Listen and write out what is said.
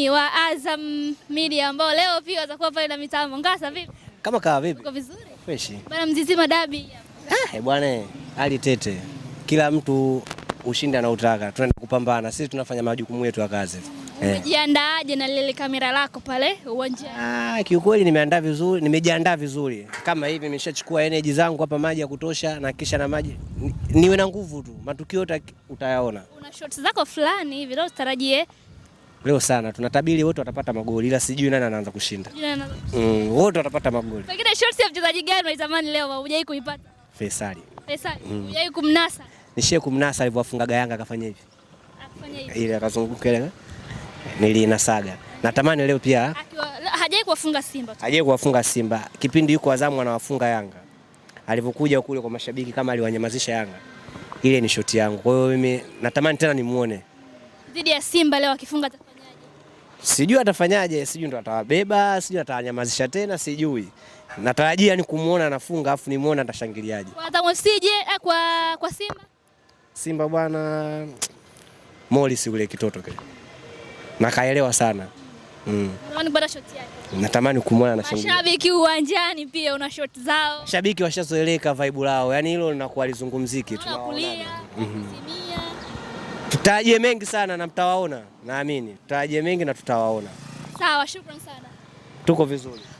msanii wa Azam Media ambao leo pia watakuwa pale na mitambo. Ngasa vipi? Kama kawa vipi? Uko vizuri? Fresh. Bana Mzizima dabi. Eh, eh, bwana, hali tete. Kila mtu ushindi anautaka. Tunaenda kupambana. Sisi tunafanya majukumu yetu ya kazi. Eh. Umejiandaaje na lile kamera lako pale uwanjani? Ah, kiukweli nimeandaa vizuri, nimejiandaa vizuri. Kama hivi nimeshachukua energy zangu hapa maji ya kutosha na kisha na maji. Niwe na nguvu tu. Matukio yote utayaona. Una shots zako fulani hivi leo tutarajie leo sana tunatabiri wote watapata magoli, ila sijui nani anaanza kushinda. Mm, wote watapata magoli. Pengine shorts ya mchezaji gani wa zamani leo hujai kuipata? Faisali. Faisali. Mm. Hujai kumnasa? Nishie kumnasa alivyofungaga Yanga akafanya hivi. Akafanya hivi. Ile akazunguka ile. Eh? Nilinasaga. Natamani leo pia eh? hajai kuwafunga Simba. tu. Hajai kuwafunga Simba. Kipindi yuko Azamu anawafunga Yanga. Alivyokuja kule kwa mashabiki kama aliwanyamazisha Yanga. Ile ni shoti yangu. Kwa hiyo mimi natamani tena nimuone dhidi ya Simba leo akifunga atafanyaje? Sijui atafanyaje, sijui ndo atawabeba, sijui atawanyamazisha tena, sijui. Natarajia ni kumuona anafunga afu nimuone atashangiliaje. Kwa atamwafsije eh, kwa kwa Simba? Simba bwana Morris ule kitoto kile. Nakaelewa sana. Mm. Natamani bora shoti yake. Natamani kumuona na anashangilia. Mashabiki uwanjani pia una shoti zao. Mashabiki washazoeleka vibe lao. Yaani hilo linakuwa lizungumziki. Tunaona tutaje mengi sana na mtawaona, naamini tutaje mengi na tutawaona. Sawa, shukrani sana, tuko vizuri.